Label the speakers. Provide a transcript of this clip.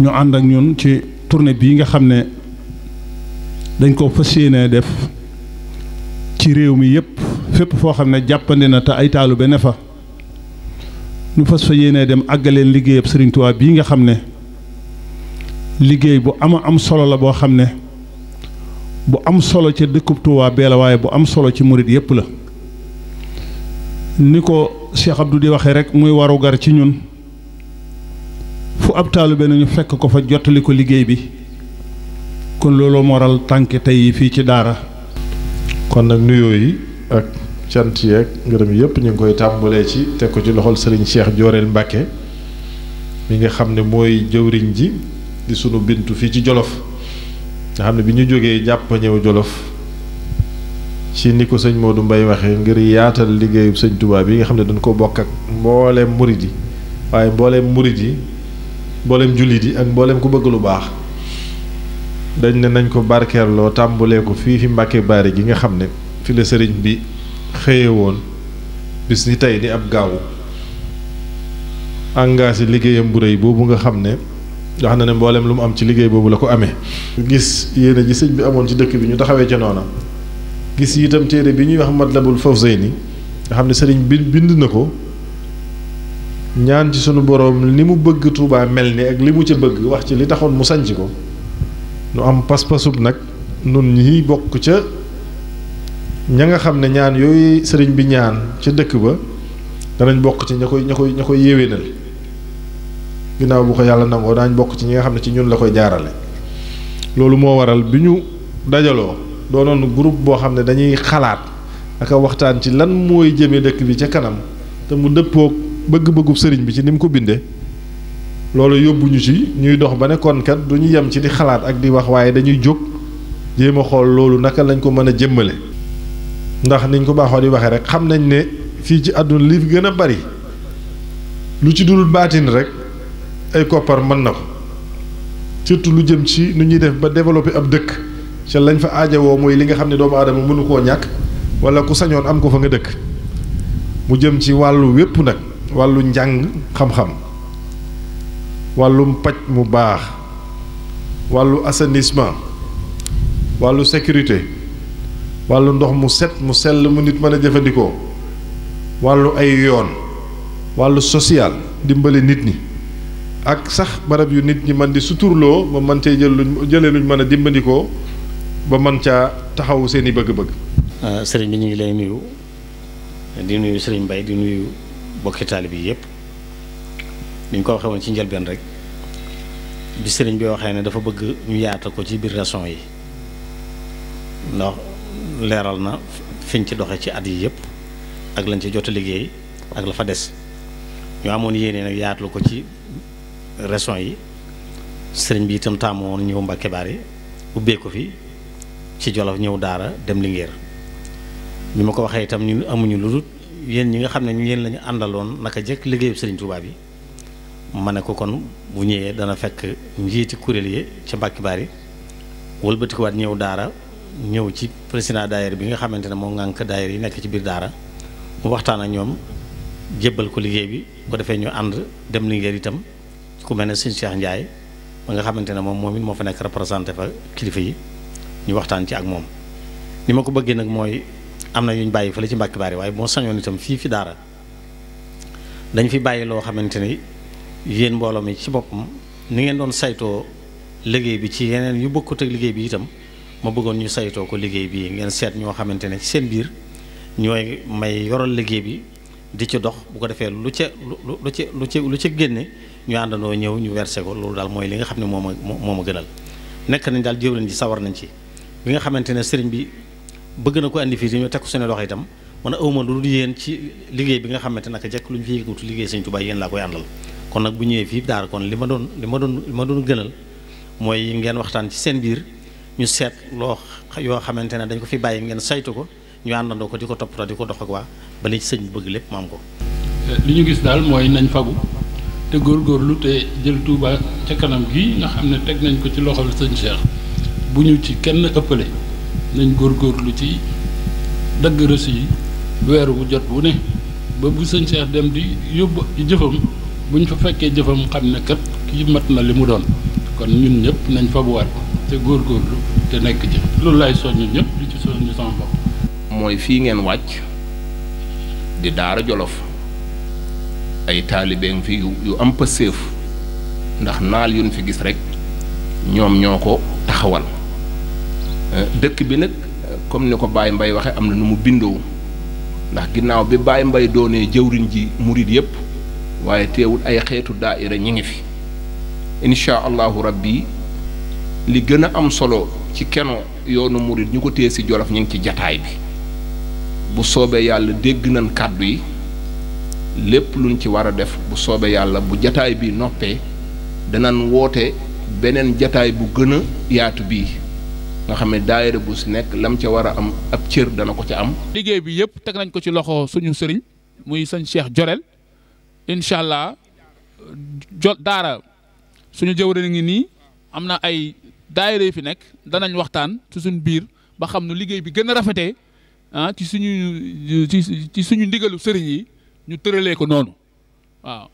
Speaker 1: ñu ànd ak ñun ci turne bii nga xam ne dañ koo fas yéene def ci réew mi yëpp fépp foo xam ne jàppandi na te ay taalu ba ne fa ñu fas fa yéene dem àggaleen liggéeyab Sëriñ Tuubaa bii nga xam ne liggéey bu ama am solo la boo xam ne bu am solo ca dëkku Tuubaa bee bu am solo ci murit yépp la ni ko Cheikh Abdou di waxe rek muy warugar ci ñun fu ab taalibe nañu fekk ko fa jottali ko liggéey bi kon looloo moral tànk tey yi fii ci daara
Speaker 2: kon nag nuyoo yi ak cant yeeg ngërëm yëpp ñu ngi koy tàmbalee ci teg ko ci loxol sëriñ Cheikh Jooreel Mbàkke mi nga xam ne mooy jëwriñ ji di sunu bintu fii ci Jolof nga xam ne bi ñu jógee jàpp ñëw Jolof ci ni ko sëñ Modou Mbaye waxee ngir yaatal liggéeyu sëñ Touba bi nga xam ne dañ ko bokk ak mbooleem murit yi waaye mbooleem murit yi mbooleem jullit yi ak mbooleem ku bëgg lu baax dañ ne nañ ko barkeerloo tàmbulee ko fii fi Mbàkke Baari gi nga xam ne fi la sëriñ bi xëye woon bis ni tey di ab gaawu engagé liggéeyam bu rëy boobu nga xam ne wax na ne mbooleem lu mu am ci liggéey boobu la ko amee gis yéene ji sëñ bi amoon ci dëkk bi ñu taxawee ca gis itam téere bi ñuy wax Matlabul ni nga xam ne sëriñ bi bind na ko ñaan ci sunu boroom li mu bëgg tuubaa mel ni ak li mu ca bëgg wax ci li taxoon mu sanc ko nu am pas-pasub nag nun ñi bokk ca ña nga xam ne ñaan yooyu sëriñ bi ñaan ca dëkk ba danañ bokk ci ña koy ña koy ña koy yéwénal ginnaaw bu ko yàlla nangoo daañ bokk ci ñi nga xam ne ci ñun la koy jaarale loolu moo waral bi ñu dajaloo doonoon groupe boo xam ne dañuy xalaat aka waxtaan ci lan mooy jëmee dëkk bi ca kanam te mu dëppook bëgg-bëggub sëriñ bi ci ni mu ko bindee loolu yóbbuñu ci ñuy dox ba nekkoon kat du ñu yem ci di xalaat ak di wax waaye dañuy jóg jéem a xool loolu naka lañ ko mën a jëmmale ndax niñ ko baaxoo di waxee rek xam nañ ne fii ci àdduna li fi gën a bari lu ci dul baatin rek ay koppar mën na ko surtout lu jëm ci nu ñuy def ba développer ab dëkk ca lañ fa woo mooy li nga xam ne doomu aadama mënu koo ñàkk wala ku sañoon am ko fa nga dëkk mu jëm ci wàllu wépp nag wàllu njàng xam-xam wàllum paj mu baax wàllu assainissement wàllu sécurité wàllu ndox mu set mu sell mu nit mën a jëfandikoo wàllu ay yoon wàllu social dimbali nit ñi ak sax barab yu nit ñi man di suturloo ba mën cee jël luñ jëlee luñ mën a dimbandikoo ba man ca taxawu seen i bëgg-bëgg.
Speaker 3: Ah, sëriñ bi ñu ngi lay nuyu di nuyu sëriñ Mbaye di nuyu bokki taalib yi yëpp ni ñu ko waxee ci njëlbeen rek bi sëriñ bi waxee ne dafa bëgg ñu yaata ko ci biir régions yi ndax leeral na fiñ ci doxe ci at yi yëpp ak lañ ci jot liggéey ak la fa des ñoo amoon yéene nag yaatlu ko ci régions yi sëriñ bi itam taamu woon ñëw Mbàkke Bari ubbee ko fii ci Jolof ñëw Daara dem Linguère ñu ma ko waxee itam ñu amuñu lu dul yéen ñi nga xam ne yéen la ñu àndaloon naka jëkk liggéeyub Serigne Touba yi ma ne ko kon bu ñëwee dana fekk njiiti kuréel yi ci ca Mbàkke yi walbatikuwaat ñëw Daara ñëw ci président daayira bi nga xamante ne moo ngànk daayira yi nekk ci biir Daara waxtaan ak ñoom jébbal ko liggéey bi bu defee ñu ànd dem Linguère itam ku mel ne Serigne Cheikh Ndiaye ba nga xamante ne moom moom it moo fa nekk représenté fa kilifa yi. ñu waxtaan ci ak moom ni ma ko bëggee nag mooy am na yu ñu bàyyi fële ci mbàkki baari waaye moo sañoon itam fii fi daara dañ fi bàyyi loo xamante ni yéen mbooloo mi ci boppam ni ngeen doon saytoo liggéey bi ci yeneen yu bokkut ak liggéey bi itam ma bëggoon ñu saytoo ko liggéey bi ngeen seet ñoo xamante ne ci seen biir ñooy may yoral liggéey bi di ci dox bu ko defee lu ca lu lu ca lu ca lu ca génne ñu àndandoo ñëw ñu versé ko loolu daal mooy li nga xam ne moo ma moo gënal nekk nañ daal jëwriñ ji sawar nañ ci bi nga xamante ne sëriñ bi bëgg na ko andi fii ñu teg ko seen loxo itam man awma lu dul yéen ci liggéey bi nga xamante naka jekk lu ñu fi yëngatu liggéey sëñ Tuubaa yéen laa koy àndal kon nag bu ñëwee fii daal kon li ma doon li ma doon ma doon gënal mooy ngeen waxtaan ci seen biir ñu seet loo yoo xamante ne dañ ko fi bàyyi ngeen saytu ko ñu àndandoo ko di ko toppatoo di ko dox ak waa ba li sëñ bëgg lépp mu ko
Speaker 4: li ñu gis daal mooy nañ fagu te góorgóorlu te jël Touba ca kanam gi xam ne teg nañ ko ci loxol sëñ Cheikh bu ñu ci kenn ëppale nañ góorgóorlu ci dagg reçu yi weer jot wu ne ba bu sëñ dem di yóbbu jëfam bu ñu fa fekkee jëfam xam ne kat kii mat na li mu doon kon ñun ñëpp nañ fabuwaat te góorgóorlu te nekk ci loolu laay soññu ñépp li ci soññu sama bopp. mooy fii ngeen wàcc di Daara Jolof ay taalibe fi yu am pëseef ndax naal yuñ fi gis rekk ñoom ñoo ko taxawal. Euh, dëkk bi nag comme ni ko Baye mbay waxee am na nu mu bindoo ndax ginnaaw bi Baye mbay doonee jëwriñ ji murit yépp waaye teewul ay xeetu daaira ñi ngi fi incha allahu rabbi li gën a am solo ci keno yoonu murit ñu ko téye si jolof ñu ngi ci jataay bi bu soobee yàlla dégg nañ kàddu yi lépp luñ ci war a def bu soobee yàlla bu jataay bi noppee danañ woote beneen jataay bu gën a yaatu bii nga xam ne bu si nekk lam ca war a am ab cër dana ko ca am. liggéey bi yëpp teg nañ ko ci loxo suñu sëriñ muy sëñ Cheikh Jorel incha allah jo daara suñu jëwriñ ngi nii am na ay daayira yu fi nekk danañ waxtaan ci suñ biir ba xam nu liggéey bi gën a rafetee ah ci suñu ci ci suñu ndigalu sëriñ yi ñu tëralee ko noonu waaw.